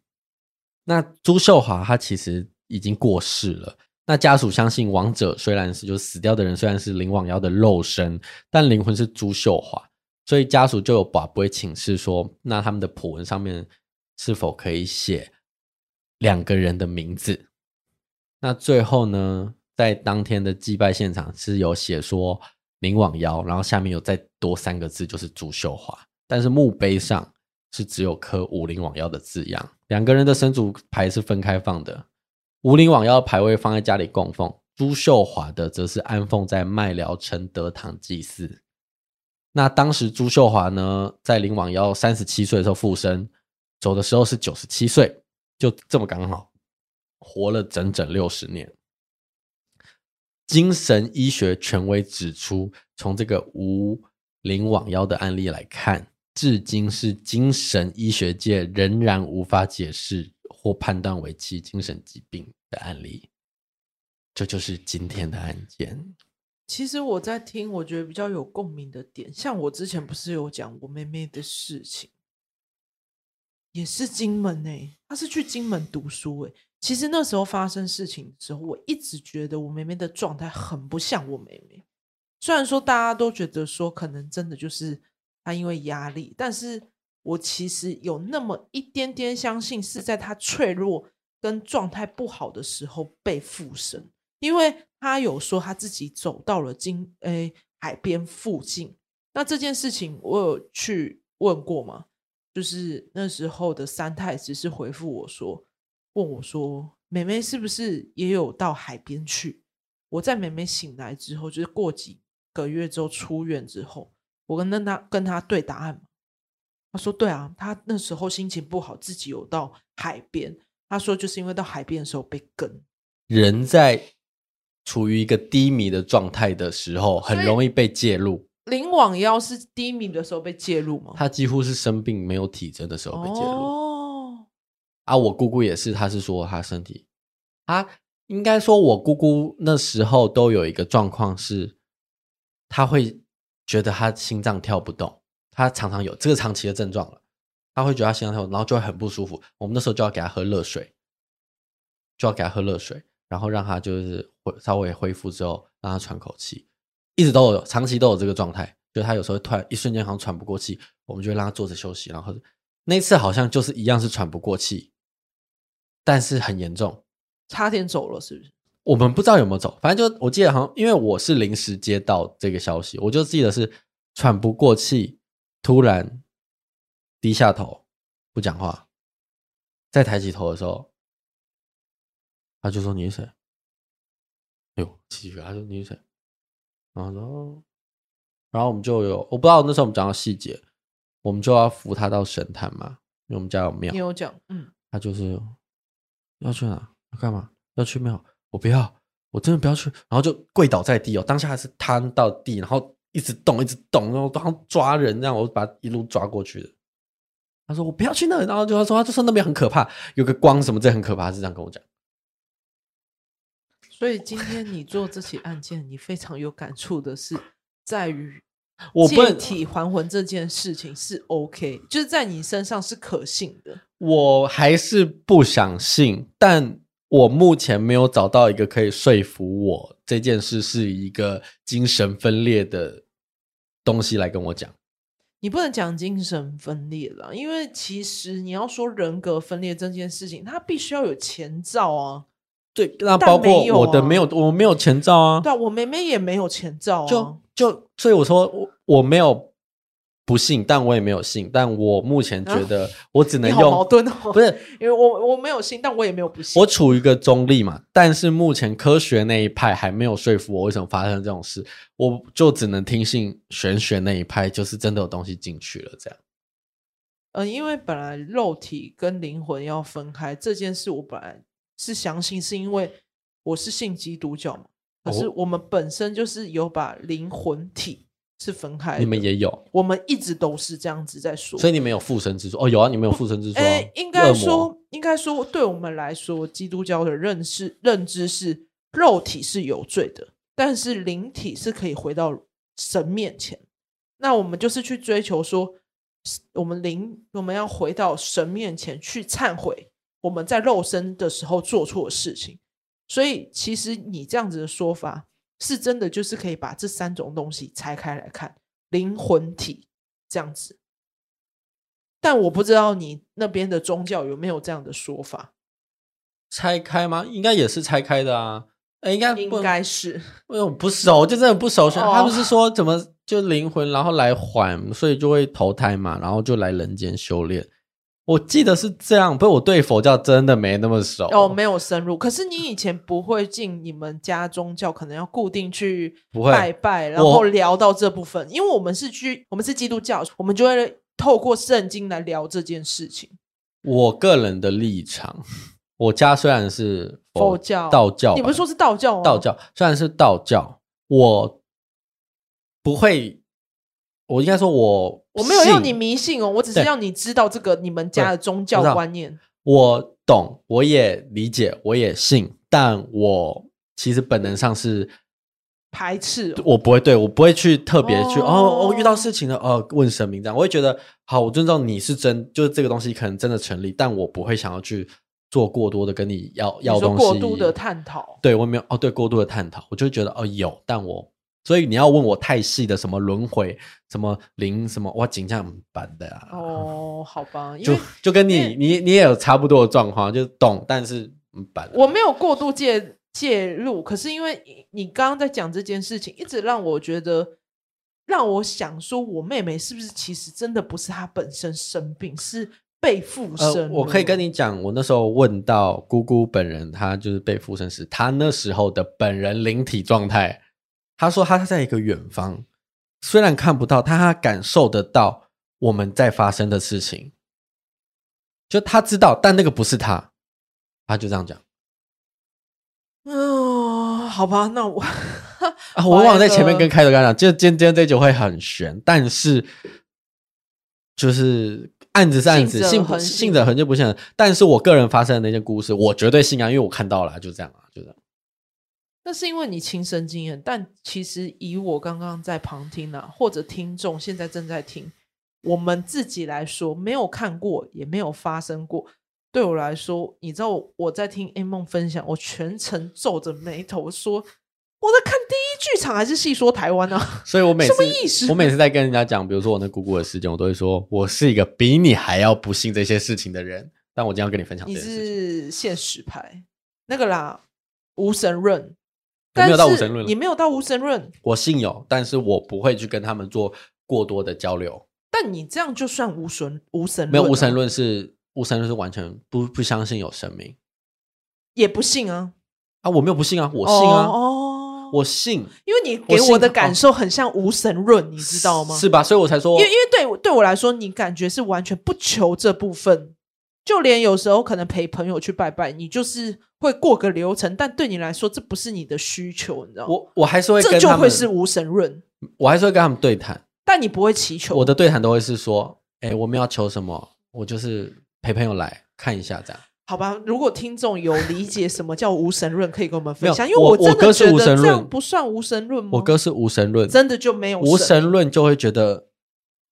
Speaker 2: 那朱秀華他其實已經過世了。那家屬相信，亡者雖然是就死掉的人，雖然是林罔腰的肉身，但靈魂是朱秀華，所以家屬就有拜拜請示說，那他們的訃聞上面是否可以寫兩個人的名字？那最後呢，在當天的祭拜現場是有寫說，林王腰然後下面有再多三個字，就是朱秀華。但是墓碑上是只有刻“五林王腰”的字樣。兩個人的神主牌是分開放的，五林王腰牌位放在家裡供奉，朱秀華的則是安奉在麥寮誠德堂祭祀。那當時朱秀華呢，在林王腰三十七歲的時候附身，走的時候是九十七歲，就這麼剛好，活了整整六十年。精神醫學權威指出，從這個雲林麥寮的案例來看，至今是精神醫學界仍然無法解釋或判斷為其精神疾病的案例。這就是今天的案件。
Speaker 1: 其實我在聽，我覺得比較有共鳴的點，像我之前不是有講我妹妹的事情。也是金門誒、欸，他是去金門讀書誒、欸。其實那時候發生事情的時候，我一直覺得我妹妹的狀態很不像我妹妹。雖然說大家都覺得說可能真的就是她因為壓力，但是我其實有那麼一點點相信是在她脆弱跟狀態不好的時候被附身，因為她有說她自己走到了金誒、欸、海邊附近。那這件事情我有去問過嗎？就是那時候的三太子是回復我說，問我說：“妹妹是不是也有到海邊去？”我在妹妹醒來之後，就是過幾個月之後出院之後，我跟那他跟他對答案嘛。他說：“對啊，他那時候心情不好，自己有到海邊。”他說：“就是因為到海邊的時候被跟。”
Speaker 2: 人在處於一個低迷的狀態的時候，很容易被介入。
Speaker 1: 林罔腰是低迷的時候被介入嗎？
Speaker 2: 他幾乎是生病沒有體徵的時候被介入。哦，啊，我姑姑也是，他是說他身體啊，應該說我姑姑那時候都有一個狀況是，他會覺得他心臟跳不動，他常常有這個長期的症狀了，他會覺得他心臟跳不動，然後就會很不舒服。我們那時候就要給他喝熱水，就要給他喝熱水，然後讓他就是稍微恢復之後，讓他喘口氣。一直都有，長期都有這個狀態，就是他有時候突然一瞬間好像喘不過氣，我們就會讓他坐着休息。然後那次好像就是一樣是喘不過氣，但是很嚴重，
Speaker 1: 差點走了，是不是？
Speaker 2: 我們不知道有沒有走，反正就我記得好像因為我是臨時接到這個消息，我就記得是喘不過氣，突然低下頭不講話，再抬起頭的時候，他就說你是誰？哎呦，奇怪，他說你是誰？然後，然後我們就有，我不知道那時候我們講到細節，我們就要扶他到神壇嘛，因為我們家有廟。有講，嗯，他就是要去哪兒，要幹嘛？要去廟？我不要，我真的不要去。然後就跪倒在地哦，當下還是癱到地，然後一直動，一直動，然後抓人這樣，讓我把一路抓過去的。他說我不要去那裡，然後就他說他就說那邊很可怕，有個光什麼這很可怕，是這樣跟我講。
Speaker 1: 所以今天你做這起案件，你非常有感觸的是在於借體還魂這件事情是 OK，就是在你身上是可信的。
Speaker 2: 我還是不想信，但我目前沒有找到一個可以說服我這件事是一個精神分裂的東西來跟我講。
Speaker 1: 你不能講精神分裂了，因為其實你要說人格分裂這件事情，它必須要有前兆啊。對，那包括我的，、啊、我的沒
Speaker 2: 有，我沒有前兆啊。對啊，
Speaker 1: 我妹妹也沒有前兆、啊。就
Speaker 2: 就，所以我說我我沒有不信，但我也沒有信。但我目前覺得我只能用、啊、矛
Speaker 1: 盾、喔，不是因為我我沒有信，但我也沒有不信。我
Speaker 2: 處於一個中立嘛，但是目前科學那一派還沒有說服我為什麼發生這種事，我就只能聽信玄學那一派，就是真的有東西進去了這樣。
Speaker 1: 嗯、呃，因為本來肉體跟靈魂要分開這件事，我本來。是相信，是因為我是信基督教嘛？可是我們本身就是有把靈魂體是分開的。你們也有？我們一直都是這樣子在說。所以
Speaker 2: 你們有附身之說？哦，有啊，你們有附身之說、啊。哎、欸，應該說，
Speaker 1: 應該說，對我們來說，基督教的認識認知是肉體是有罪的，但是靈體是可以回到神面前。那我們就是去追求說，我們靈我們要回到神面前去懺悔。我們在肉身的時候做錯的事情，所以其實你這樣子的說法是真的，就是可以把這三種東西拆開來看靈魂體這樣子。但我不知道你那邊的宗教有沒有這樣的說法，拆
Speaker 2: 開嗎？應該也是拆開的啊。
Speaker 1: 應該不應該是，哎呦，
Speaker 2: 不熟，就真的不熟，哦，他不是說怎麼就靈魂，然後來還，所以就會投胎嘛，然後就來人間修煉。我記得是這樣，不過我對佛教真的沒那麼熟，
Speaker 1: 哦，沒有深入。可是你以前不會進你們家宗教， (laughs) 可能要固定去拜拜，然後聊到這部分，因為我們是去，我們是基督教，我們就會透過聖經來聊這件事情。
Speaker 2: 我個人的立場，我家雖然是佛教，佛教道教，你不是說
Speaker 1: 是道教嗎？道
Speaker 2: 教雖然是道教，我不會，我應該說我。我沒有要你
Speaker 1: 迷信哦，信我只是要你知道這個你們家的宗教觀念
Speaker 2: 我。我懂，我也理解，我也信，但我其實本能上是
Speaker 1: 排斥、哦。
Speaker 2: 我不會，對我不會去特別去哦哦，哦，遇到事情了，呃、哦，問神明這樣，我會覺得好，我尊重你是真，就是這個東西可能真的成立，但我不會想要去做過多的跟你要你說要東西我、哦。過度的探討，對我沒有哦，對過度的探討，我就會覺得哦有，但我。所以你要問我太細的什麼輪回，什麼靈什麼哇景象
Speaker 1: 版的啊。哦，好吧，就
Speaker 2: 就跟你你你也有差不多的狀況，就是懂，但是嗯，
Speaker 1: 我沒有過度介介入，可是因為你剛剛在講這件事情，一直讓我覺得，讓我想說，我妹妹是不是其實真的不是她本身生病，是被附身。呃，我可以
Speaker 2: 跟你講，我那時候問到姑姑本人，她就是被附身時，她那時候的本人靈體狀態。他說：“他在一個遠方，雖然看不到，但他感受得到我們在發生的事情。就他知道，但那個不是他。”他就這樣講。
Speaker 1: 哦、呃，好吧，那我 (laughs) 啊，我忘了在前面跟開
Speaker 2: 頭剛講， (laughs) 就今天，今天這一集會很玄，但是就是案子是案子，信者信，信者恆就不信。但是我個人發生的那些故事，我絕對信啊，因為我看到了、啊，就這樣啊，
Speaker 1: 就這樣。”那是因為你親身經驗，但其實以我剛剛在旁聽、啊、或者聽眾現在正在聽，我們自己來說，沒有看過，也沒有發生過。對我來說，你知道我在聽 A 夢分享，我全程皺着眉頭說：“我在看第一劇場還是戲說台灣呢、啊？”所以我每次，我每次
Speaker 2: 在跟人家講，比如說我那姑姑的事情，我都會說：“我是一個比你還要不信這些事情的人。”但我今天要跟你分享這，的是
Speaker 1: 現實派那個啦，無神論。但是你沒有到無神論，
Speaker 2: 我信有，但是我不會去跟他們做過多的交流。
Speaker 1: 但你這樣就算無神無神論、啊，沒有，無神論
Speaker 2: 是無神論是完全不不相信有神明，
Speaker 1: 也不信啊。
Speaker 2: 啊！我沒有不信啊，我信啊。哦，我信，
Speaker 1: 因為你給我的感受很像無神論，你知道嗎？是，是吧？所
Speaker 2: 以我才說，因為因
Speaker 1: 為對對我來說，你感覺是完全不求這部分。就連有時候可能陪朋友去拜拜，你就是會過個流程，但對你來說這不是你的需求，你知道嗎？我我還是會，這就會是無
Speaker 2: 神論。我還是會跟他們對談，
Speaker 1: 但你不會祈求。我的
Speaker 2: 對談都會是說，哎、欸，我們要求什麼？我就是陪朋友來看一下，這樣
Speaker 1: 好吧？如果聽眾有理解什麼叫無神論， (laughs) 可以跟我們分享，是因為我我真的覺得這樣不算無神論嗎？我哥
Speaker 2: 是無神論，真的就沒有神。無神論就會覺得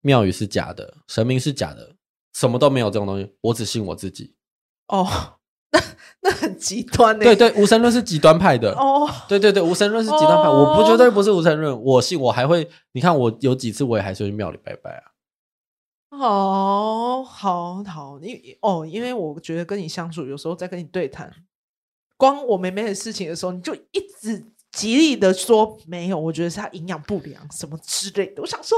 Speaker 2: 廟宇是假的，神明是假的。什麼都沒有這種東西，我只信我自己。
Speaker 1: 哦，那那很極端欸。對對，無
Speaker 2: 神論是極端派的。哦，對對對，無神論是極端派。Oh. 我不絕對不是無神論，我信我還會。你看，我有幾次我也還是會去廟裡拜拜啊。
Speaker 1: 哦，好，好，你哦，因為我覺得跟你相處，有時候在跟你對談，光我妹妹的事情的時候，你就一直極力的說沒有，我覺得是她營養不良什麼之類的。我想說。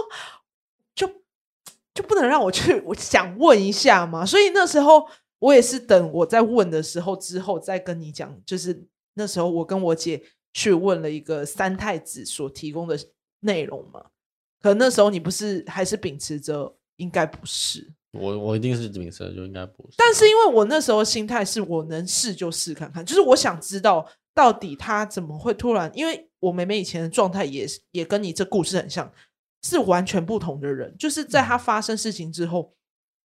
Speaker 1: 就不能讓我去？我想問一下嘛。所以那時候我也是等我在問的時候之後再跟你講。就是那時候我跟我姐去問了一個三太子所提供的內容嘛。可那時候你不是還是秉持着應該不是？
Speaker 2: 我我一定是秉持着就應該不
Speaker 1: 是。但是因為我那時候心態是我能試就試看看，就是我想知道到底他怎麼會突然？因為我妹妹以前的狀態也也跟你這故事很像。是完全不同的人，就是在他發生事情之後，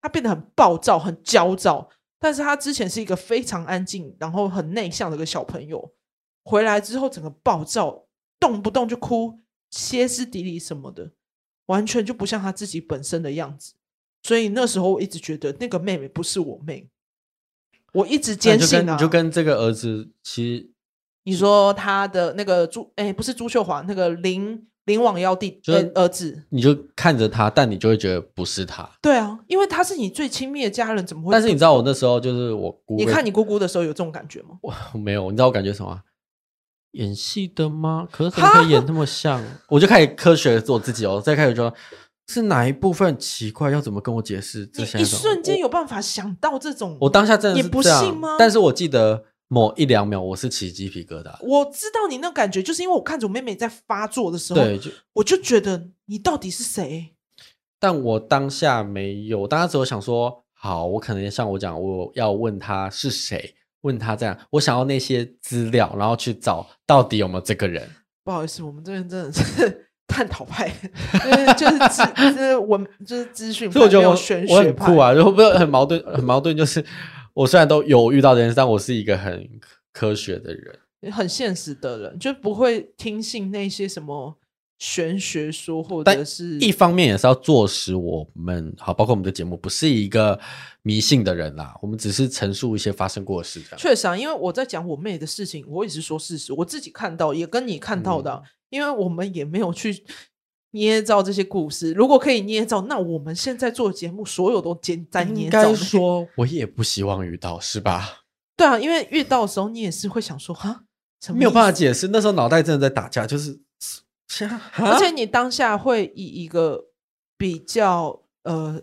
Speaker 1: 他變得很暴躁、很焦躁。但是他之前是一個非常安靜、然後很內向的一個小朋友，回來之後整個暴躁，動不動就哭、歇斯底里什麼的，完全就不像他自己本身的樣子。所以那時候我一直覺得那個妹妹不是我妹，我一直堅信啊，就跟，你就
Speaker 2: 跟這個兒子，其實
Speaker 1: 你說他的那個朱，哎、欸，不是朱秀華，那個林。林罔腰弟，兒、就、子、
Speaker 2: 是，你就看着他，但你就會覺得不是他。
Speaker 1: 對啊，因為他是你最親密的家人，怎麼會？但是你知道我
Speaker 2: 那時候就是我姑，你看你
Speaker 1: 姑姑的時候有這種感覺嗎？我
Speaker 2: 沒有，你知道我感覺什麼、啊？演戲的嗎？可是怎麼可以演那麼像，我就開始科學做自己哦。 (laughs) 再開始說，是哪一部分奇怪？要怎麼跟我解釋？這一瞬間
Speaker 1: 有辦法想到這種，我，我當下真的是這樣也不信嗎？但是我
Speaker 2: 記得。某一兩秒，我是起雞皮疙瘩、啊。
Speaker 1: 我知道你那感覺，就是因為我看着我妹妹在發作的時候，就我就覺得你到底是誰？
Speaker 2: 但我當下沒有，當下只有想說，好，我可能像我講，我要問他是誰，問他這樣，我想要那些資料，然後去找到底有沒有這個人。
Speaker 1: 不好意思，我們這邊真的是探討派、 (laughs) 就是，就是就是我就是資訊派沒有玄學派啊，然後不
Speaker 2: 是很矛盾，很矛盾就是。 (laughs) 我雖然都有遇到這件事，但我是一個很科學的人，
Speaker 1: 很現實的人，就不會聽信那些什麼玄學說，或者是一
Speaker 2: 方面也是要坐實我們好，包括我們的節目不是一個迷信的人啦，我們只是陳述一些發生過的事情。確
Speaker 1: 實啊，因為我在講我妹的事情，我一直說事實，我自己看到也跟你看到的、嗯，因為我們也沒有去。捏造這些故事，如果可以捏造，那我們現在做節目，所有都簡單捏造。應該說，
Speaker 2: 我也不希望遇到，是吧？
Speaker 1: 對啊，因為遇到的時候，你也是會想說啊，
Speaker 2: 沒有辦法解釋。那時候腦袋真的在打架，就是、
Speaker 1: 啊，而且你當下會以一個比較呃，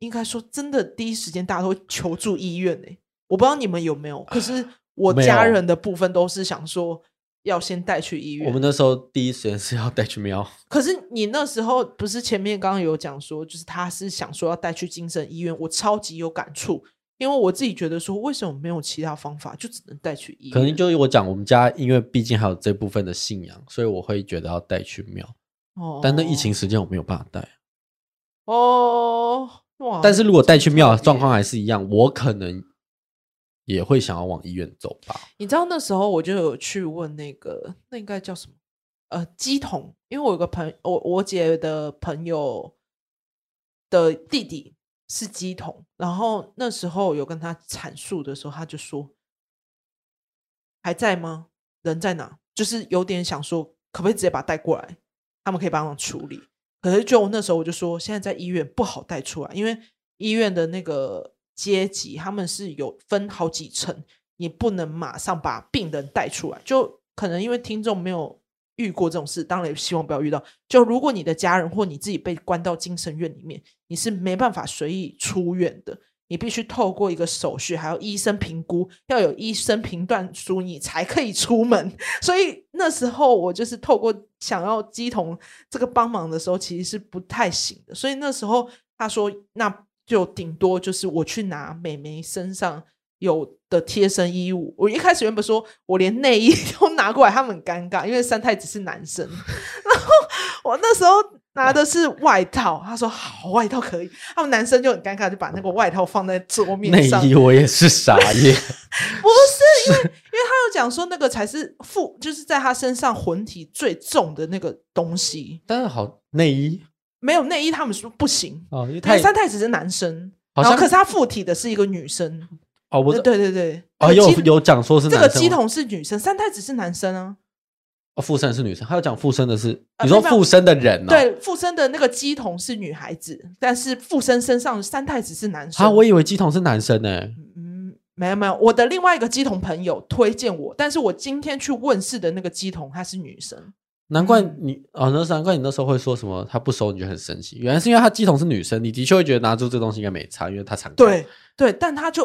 Speaker 1: 應該說真的第一時間，大家都會求助醫院、欸。哎，我不知道你們有沒有，可是我家人的部分都是想說。要先帶去醫院。我們那
Speaker 2: 時候第一時間是要帶去廟。
Speaker 1: 可是你那時候不是前面剛剛有講說，就是他是想說要帶去精神醫院，我超級有感觸，因為我自己覺得說，為什麼沒有其他方法，就只能帶去醫院？可能
Speaker 2: 就是我講，我們家因為畢竟還有這部分的信仰，所以我會覺得要帶去廟。哦，但那疫情時間我沒有辦法帶。哦，
Speaker 1: 哇！但是如果
Speaker 2: 帶去廟，狀況還是一樣，欸、我可能。也會想要往醫院走吧？
Speaker 1: 你知道那時候我就有去問那個，那應該叫什麼？呃，乩童，因為我有個朋友，我我姐的朋友的弟弟是乩童，然後那時候有跟他闡述的時候，他就說還在嗎？人在哪？就是有點想說，可不可以直接把他帶過來，他們可以幫忙處理。可是就那時候我就說，現在在醫院不好帶出來，因為醫院的那個。階級他們是有分好幾層，你不能馬上把病人帶出來。就可能因為聽眾沒有遇過這種事，當然也希望不要遇到。就如果你的家人或你自己被關到精神院裡面，你是沒辦法隨意出院的。你必須透過一個手續，還有醫生評估，要有醫生評斷書，你才可以出門。所以那時候我就是透過想要乩童這個幫忙的時候，其實是不太行的。所以那時候他說：“那。”就頂多就是我去拿妹妹身上有的貼身衣物，我一開始原本說我連內衣都拿過來，他們很尷尬，因為三太子是男生。然後我那時候拿的是外套，他說好，外套可以。他們男生就很尷尬，就把那個外套放在桌面上。內衣我
Speaker 2: 也是傻眼，
Speaker 1: 不是因為因為他有講說那個才是附，就是在他身上魂體最重的那個東西。但是好內衣。沒有內衣，他們說不行。哦，因為太三太子是男生，哦，然是是生哦，然後可是他附體的是一個女生。
Speaker 2: 哦，我對對對，啊、哦，有、哎、有講說是這個乩
Speaker 1: 童是女生，三太子是男生啊，
Speaker 2: 哦。附身是女生，還有講附身的是、呃、你說附身的人？對，
Speaker 1: 附身的那個乩童是女孩子，但是附身身上的三太子是男生。啊，
Speaker 2: 我以為乩童是男生呢，欸。嗯，
Speaker 1: 沒有沒有，我的另外一個乩童朋友推薦我，但是我今天去問事的那個乩童她是女生。
Speaker 2: 難怪你哦，那難怪你那時候會說什麼他不收你就很生氣。原來是因為他乩童是女生，你的確會覺得拿住這東西應該沒差，因為他長，對
Speaker 1: 對，但他就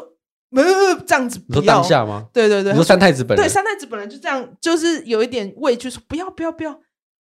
Speaker 1: 嗯有、呃、這樣子不要。你說當下嗎？對對對，你說三太子本人，對，三太子本來就這樣，就是有一點畏懼，說不要不要不要，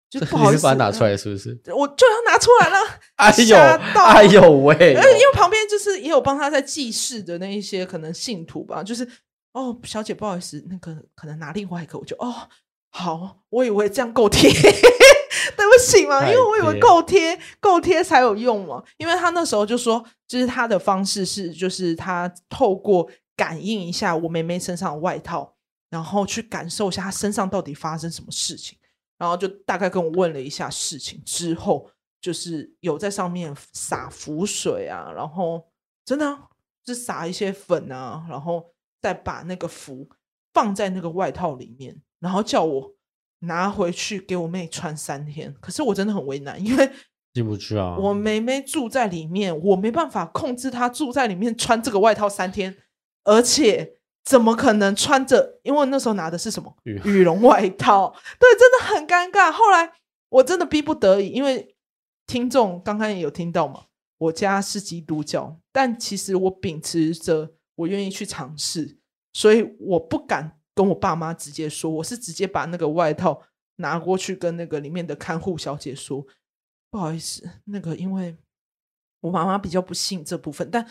Speaker 1: 就是、不好意思 (laughs) 把它拿出來，是不是？我就要拿出來了。
Speaker 2: (laughs) 哎呦哎呦，哎呦餵、哦！
Speaker 1: 因為旁邊就是也有幫他在祭祀的那一些可能信徒吧，就是哦，小姐不好意思，那個可能拿另外一個，我就哦。好，我以為這樣夠貼， (laughs) 對不起嘛，因為我以為夠貼夠貼才有用嘛。因為他那時候就說，就是他的方式是，就是他透過感應一下我妹妹身上的外套，然後去感受一下她身上到底發生什麼事情，然後就大概跟我問了一下事情之後，就是有在上面撒符水啊，然後真的啊，就是撒一些粉啊，然後再把那個符放在那個外套裡面。然後叫我拿回去給我妹穿三天，可是我真的很為難，因為
Speaker 2: 進不去啊。我
Speaker 1: 妹妹住在裡面，我沒辦法控制她住在裡面穿這個外套三天，而且怎麼可能穿着？因為那時候拿的是什麼羽絨外套？ (laughs) 對，真的很尷尬。後來我真的逼不得已，因為聽眾剛剛也有聽到嘛，我家是基督教，但其實我秉持着我願意去嘗試，所以我不敢，跟我爸媽直接說，我是直接把那個外套拿過去跟那個裡面的看護小姐說，不好意思，那個因為我媽媽比較不信這部分，但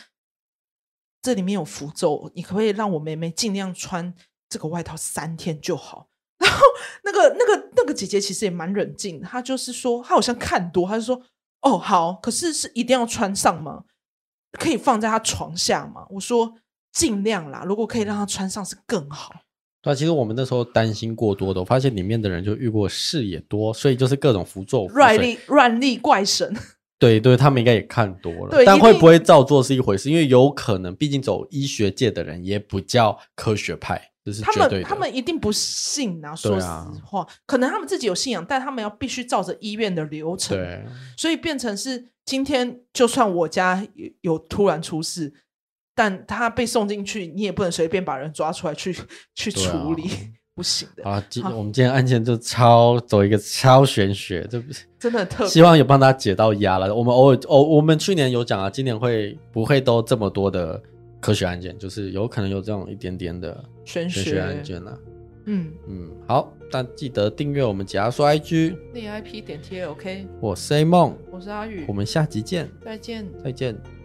Speaker 1: 這裡面有符咒，你可不可以讓我妹妹盡量穿這個外套三天就好？然後那個那個那個姐姐其實也蠻冷靜，她就是說，她好像看多，她就說，哦好，可是是一定要穿上嗎？可以放在她床下嗎？我說盡量啦，如果可以讓她穿上是更好。
Speaker 2: 對，其實我們那時候擔心過多的，我發現裡面的人就遇過事也多，所以就是各種符咒符、亂力、
Speaker 1: 亂立怪神。
Speaker 2: 對對，他們應該也看多了。但會不會照做是一回事，因為有可能，畢竟走醫學界的人也比較科學派，就是絕對的他們，他
Speaker 1: 們一定不信啊！說實話、啊，可能他們自己有信仰，但他們要必須照着醫院的流程，對，所以變成是今天就算我家有突然出事，但他被送進去，你也不能隨便把人抓出來去去處理， (laughs) 對啊、 (laughs) 不行
Speaker 2: 的啊！我們今天案件就超走一個超玄學，這不是
Speaker 1: 真的很特別，希望
Speaker 2: 有幫他解到壓了。我們偶爾哦，我們去年有講啊，今年會不會都這麼多的科學案件？就是有可能有這種一點點的玄學案件、啊、學嗯嗯，好，但記得訂閱我們解壓說 IG Z I
Speaker 1: P 點 T o
Speaker 2: K。我是 A 夢，我是阿宇，我們下集見，再見，再見。